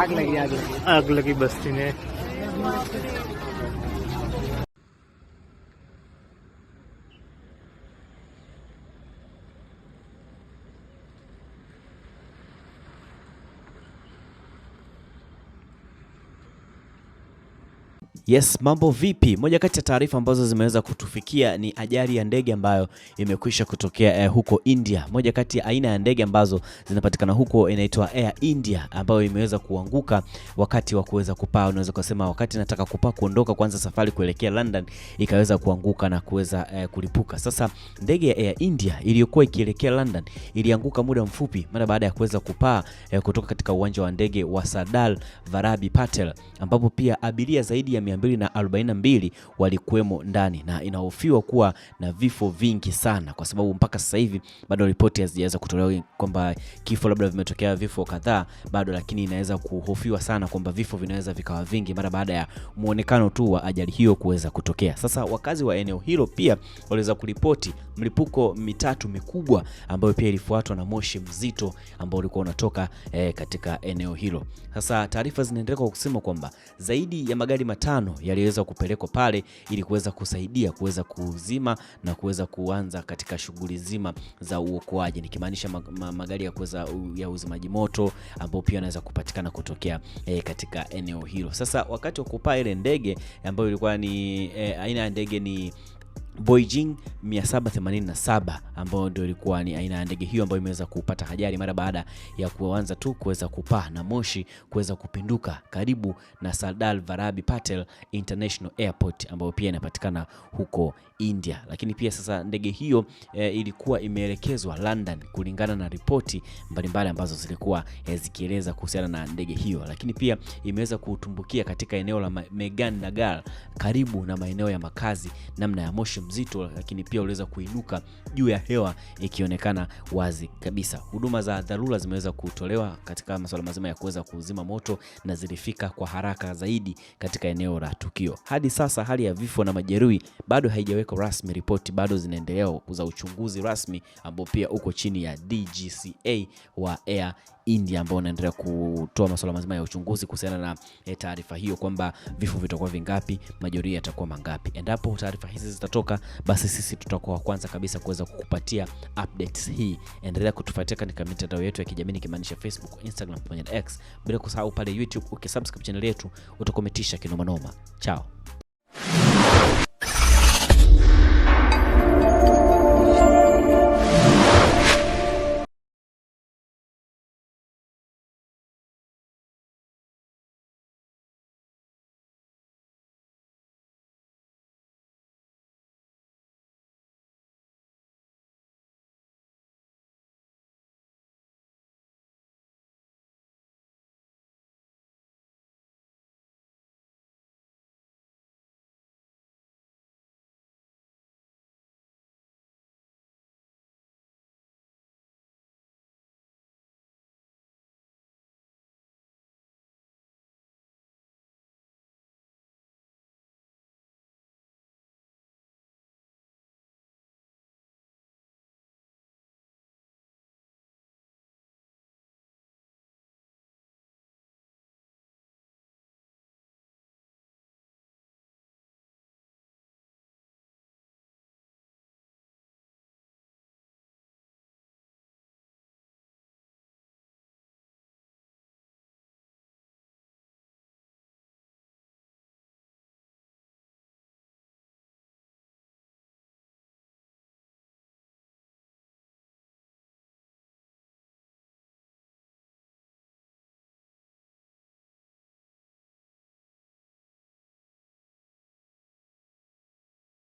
આગ લગી આગ લગી બસ્તીને Yes, mambo vipi? Moja kati ya taarifa ambazo zimeweza kutufikia ni ajali ya ndege ambayo imekwisha kutokea eh, huko India. Moja kati ya aina ya ndege ambazo zinapatikana huko inaitwa Air India ambayo imeweza kuanguka wakati wa kuweza kupaa. Unaweza kusema wakati nataka kupaa kuondoka kwanza safari kuelekea London ikaweza kuanguka na kuweza eh, kulipuka. Sasa ndege ya Air India iliyokuwa ikielekea London ilianguka muda mfupi mara baada ya kuweza kupaa eh, kutoka katika uwanja wa ndege wa Sardar Vallabh Patel ambapo pia abiria zaidi ya 242 walikuwemo ndani na inahofiwa kuwa na vifo vingi sana, kwa sababu mpaka sasa hivi bado ripoti hazijaweza kutolewa kwamba kifo labda vimetokea vifo kadhaa bado, lakini inaweza kuhofiwa sana kwamba vifo vinaweza vikawa vingi mara baada ya muonekano tu wa ajali hiyo kuweza kutokea. Sasa wakazi wa eneo hilo pia waliweza kuripoti mlipuko mitatu mikubwa ambayo pia ilifuatwa na moshi mzito ambao ulikuwa unatoka eh, katika eneo hilo. Sasa taarifa zinaendelea kwa kusema kwamba zaidi ya magari matano mapambano yaliweza kupelekwa pale ili kuweza kusaidia kuweza kuzima na kuweza kuanza katika shughuli zima za uokoaji, nikimaanisha magari ya kuweza ya uzimaji moto ambao pia anaweza kupatikana kutokea e, katika eneo hilo. Sasa wakati wa kupaa ile ndege ambayo ilikuwa ni e, aina ya ndege ni Boeing 787 ambayo ndio ilikuwa ni aina ya ndege hiyo ambayo imeweza kupata ajali mara baada ya kuanza tu kuweza kupaa na moshi kuweza kupinduka karibu na Sardar Vallabh Patel International Airport ambayo pia inapatikana huko India. Lakini pia sasa ndege hiyo e, ilikuwa imeelekezwa London kulingana na ripoti mbalimbali ambazo zilikuwa e, zikieleza kuhusiana na ndege hiyo, lakini pia imeweza kutumbukia katika eneo la Meghan Nagar karibu na maeneo ya makazi, namna ya moshi mzito, lakini pia uliweza kuinuka juu ya hewa ikionekana wazi kabisa. Huduma za dharura zimeweza kutolewa katika masuala mazima ya kuweza kuzima moto na zilifika kwa haraka zaidi katika eneo la tukio. Hadi sasa hali ya vifo na majeruhi bado haijawekwa rasmi, ripoti bado zinaendelea za uchunguzi rasmi ambao pia uko chini ya DGCA wa Air India ambao unaendelea kutoa masuala mazima ya uchunguzi kuhusiana na e, taarifa hiyo kwamba vifo vitakuwa vingapi, majeruhi yatakuwa mangapi. Endapo taarifa hizi zitatoka, basi sisi tutakuwa wa kwanza kabisa kuweza kukupatia updates hii. Endelea kutufuatia katika mitandao yetu ya kijamii nikimaanisha Facebook, Instagram pamoja na X, bila kusahau pale YouTube. Ukisubscribe channel yetu utakometisha kinomanoma chao.